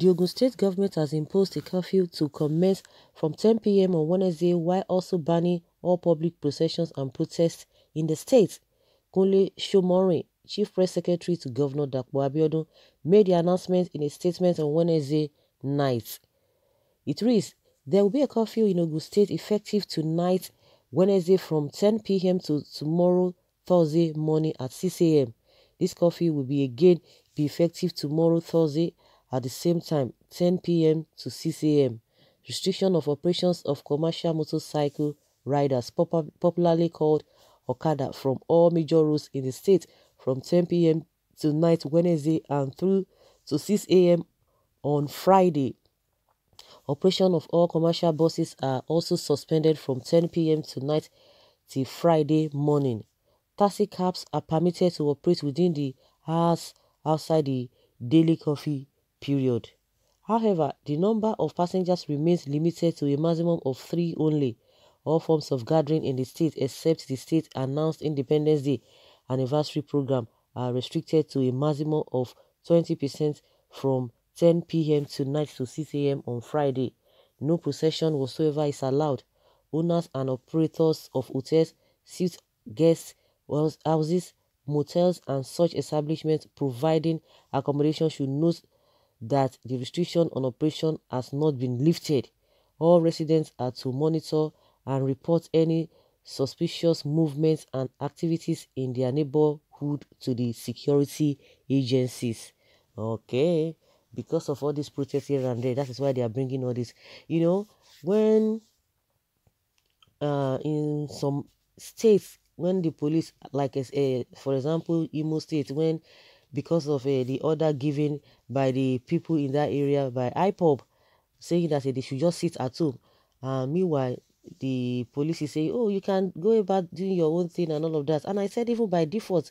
The Ogun State government has imposed a curfew to commence from 10 p.m. on Wednesday while also banning all public processions and protests in the state. Kunle Shomori, Chief Press Secretary to Governor Dapo Abiodun, made the announcement in a statement on Wednesday night. It reads, There will be a curfew in Ogun State effective tonight, Wednesday from 10 p.m. to tomorrow, Thursday morning at 6 a.m. This curfew will be again be effective tomorrow, Thursday at the same time (10 p.m. to 6 a.m.) restriction of operations of commercial motorcycle riders popularly called "Okada" from all major roads in the state from 10 p.m. tonight Wednesday and through to 6 a.m. on Friday. Operation of all commercial buses are also suspended from 10 p.m. tonight till Friday morning. Taxi cabs are permitted to operate within the hours outside the daily coffee period. However, the number of passengers remains limited to a maximum of three only. All forms of gathering in the state except the state announced Independence Day anniversary program are restricted to a maximum of 20% from 10 p.m. tonight to 6 a.m. on Friday. No procession whatsoever is allowed. Owners and operators of hotels, suites, guest houses, motels, and such establishments providing accommodation should note that the restriction on operation has not been lifted, all residents are to monitor and report any suspicious movements and activities in their neighborhood to the security agencies. Okay, because of all these protests here and there, that is why they are bringing all this. You know, when uh, in some states, when the police, like uh, for example, Imo State, when because of uh, the order given by the people in that area by IPOB saying that uh, they should just sit at home. Uh, meanwhile, the police is saying, oh, you can go about doing your own thing and all of that. And I said, even by default,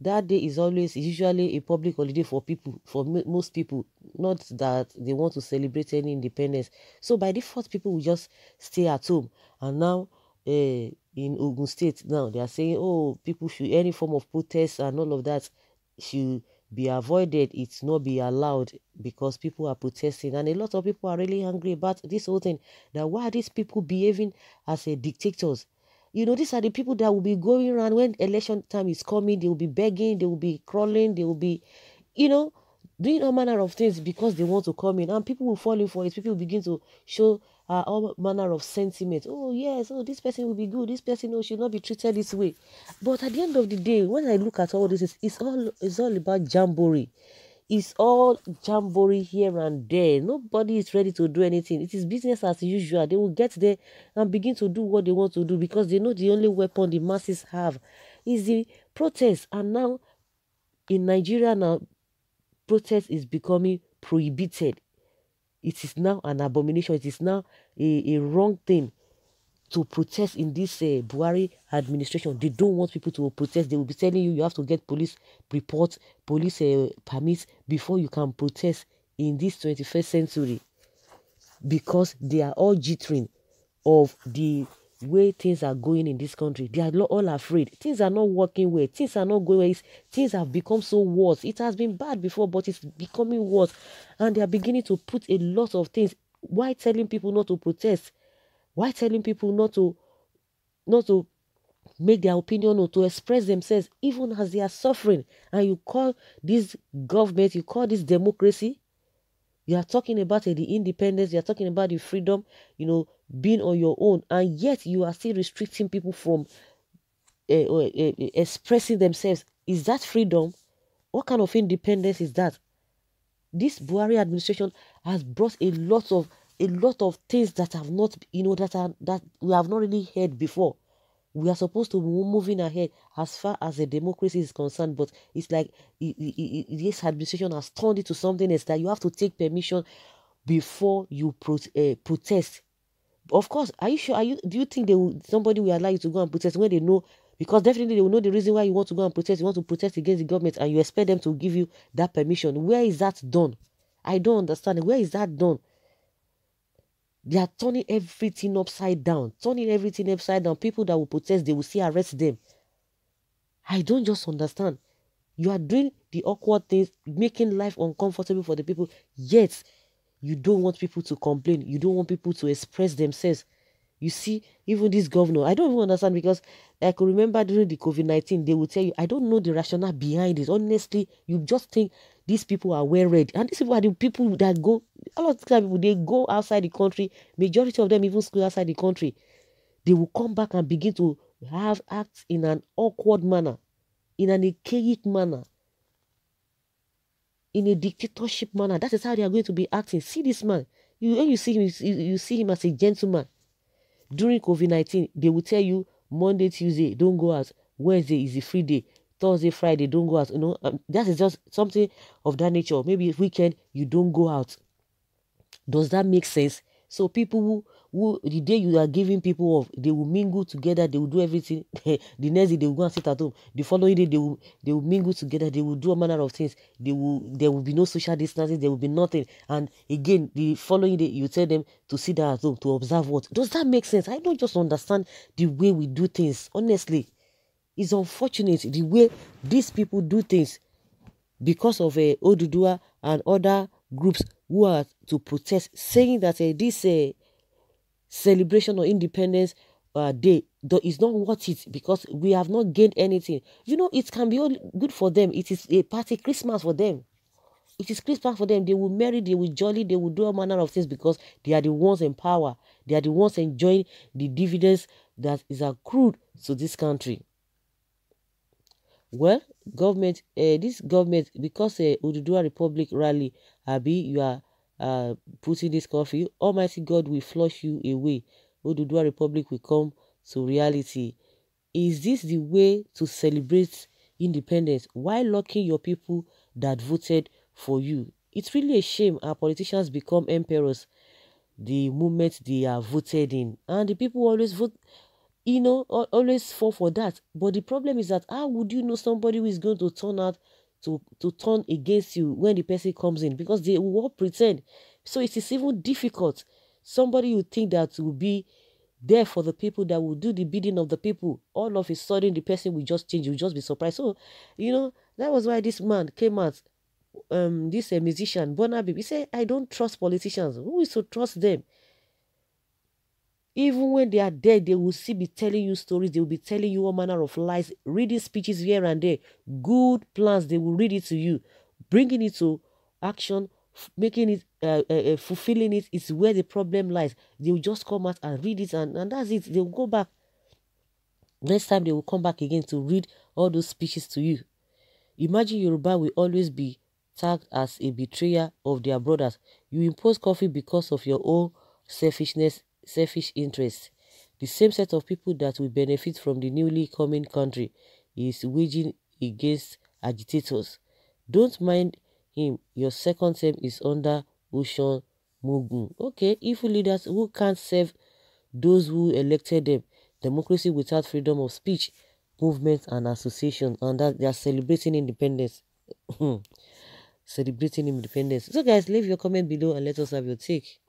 that day is always usually a public holiday for people, for most people, not that they want to celebrate any independence. So by default, people will just stay at home. And now, uh, in Ogun State, now they are saying, oh, people should any form of protest and all of that should be avoided. It's not be allowed because people are protesting, and a lot of people are really angry about this whole thing. Now, why are these people behaving as a dictators? You know, these are the people that will be going around when election time is coming. They will be begging, they will be crawling, they will be, you know, doing all manner of things because they want to come in, and people will fall in for it. People begin to show uh, all manner of sentiments. Oh, yes, oh, this person will be good. This person oh, should not be treated this way. But at the end of the day, when I look at all this, it's, it's all, it's all about jamboree. It's all jamboree here and there. Nobody is ready to do anything. It is business as usual. They will get there and begin to do what they want to do because they know the only weapon the masses have is the protest. And now in Nigeria now, protest is becoming prohibited. It is now an abomination. It is now a, a wrong thing to protest in this uh, Buhari administration. They don't want people to protest. They will be telling you you have to get police reports, police uh, permits before you can protest in this 21st century because they are all jittering of the way things are going in this country, they are all afraid. Things are not working well. Things are not going well. Things have become so worse. It has been bad before, but it's becoming worse. And they are beginning to put a lot of things. Why telling people not to protest? Why telling people not to not to make their opinion or to express themselves even as they are suffering? And you call this government, you call this democracy? You are talking about uh, the independence, you are talking about the freedom, you know, being on your own and yet you are still restricting people from uh, uh, expressing themselves is that freedom what kind of independence is that this buhari administration has brought a lot of a lot of things that have not you know that are that we have not really heard before we are supposed to be moving ahead as far as the democracy is concerned but it's like it, it, it, this administration has turned it to something else that you have to take permission before you pro uh, protest of course, are you sure? Are you? Do you think they will, somebody will allow you to go and protest when they know? Because definitely they will know the reason why you want to go and protest. You want to protest against the government, and you expect them to give you that permission. Where is that done? I don't understand. Where is that done? They are turning everything upside down, turning everything upside down. People that will protest, they will see arrest them. I don't just understand. You are doing the awkward things, making life uncomfortable for the people. Yet you don't want people to complain. You don't want people to express themselves. You see, even this governor, I don't even understand because I can remember during the COVID 19, they would tell you, I don't know the rationale behind this. Honestly, you just think these people are well read. And these people are the people that go, a lot of people, they go outside the country. Majority of them even school outside the country. They will come back and begin to have acts in an awkward manner, in an archaic manner in a dictatorship manner. That is how they are going to be acting. See this man. You, when you see him, you, you see him as a gentleman. During COVID-19, they will tell you Monday, Tuesday, don't go out. Wednesday is a free day. Thursday, Friday, don't go out. You know, um, that is just something of that nature. Maybe weekend, you don't go out. Does that make sense? So people who who the day you are giving people off, they will mingle together, they will do everything. the next day they will go and sit at home. The following day they will they will mingle together, they will do all manner of things. They will there will be no social distancing, there will be nothing. And again, the following day you tell them to sit down at home to observe what does that make sense? I don't just understand the way we do things. Honestly, it's unfortunate the way these people do things because of uh, eh, Odudua and other groups who are to protest, saying that uh, this. Uh, celebration or Independence uh, Day is not worth it because we have not gained anything. You know, it can be all good for them. It is a party Christmas for them. It is Christmas for them. They will marry, they will jolly, they will do all manner of things because they are the ones in power. They are the ones enjoying the dividends that is accrued to this country. Well, government, uh, this government, because uh, eh, Ududua Republic rally, Abi, you are uh, putting this coffee, Almighty God will flush you away. Odudua Republic will come to reality. Is this the way to celebrate independence while locking your people that voted for you? It's really a shame our politicians become emperors the moment they are voted in. And the people always vote, you know, always fall for that. But the problem is that how would you know somebody who is going to turn out to, to turn against you when the person comes in because they will all pretend. So it is even difficult. Somebody you think that will be there for the people that will do the bidding of the people, all of a sudden the person will just change. You'll just be surprised. So, you know, that was why this man came out, um, this uh, musician, Bonabi. He said, I don't trust politicians. Who is to trust them? Even when they are dead, they will still be telling you stories. They will be telling you all manner of lies, reading speeches here and there, good plans. They will read it to you, bringing it to action, making it, uh, uh, uh fulfilling it. It's where the problem lies. They will just come out and read it, and, and that's it. They will go back. Next time, they will come back again to read all those speeches to you. Imagine Yoruba will always be tagged as a betrayer of their brothers. You impose coffee because of your own selfishness selfish interests. The same set of people that will benefit from the newly coming country is waging against agitators. Don't mind him. Your second term is under Ocean Mugun. Okay, evil leaders who can't serve those who elected them. Democracy without freedom of speech, movement and association. And that they are celebrating independence. celebrating independence. So guys, leave your comment below and let us have your take.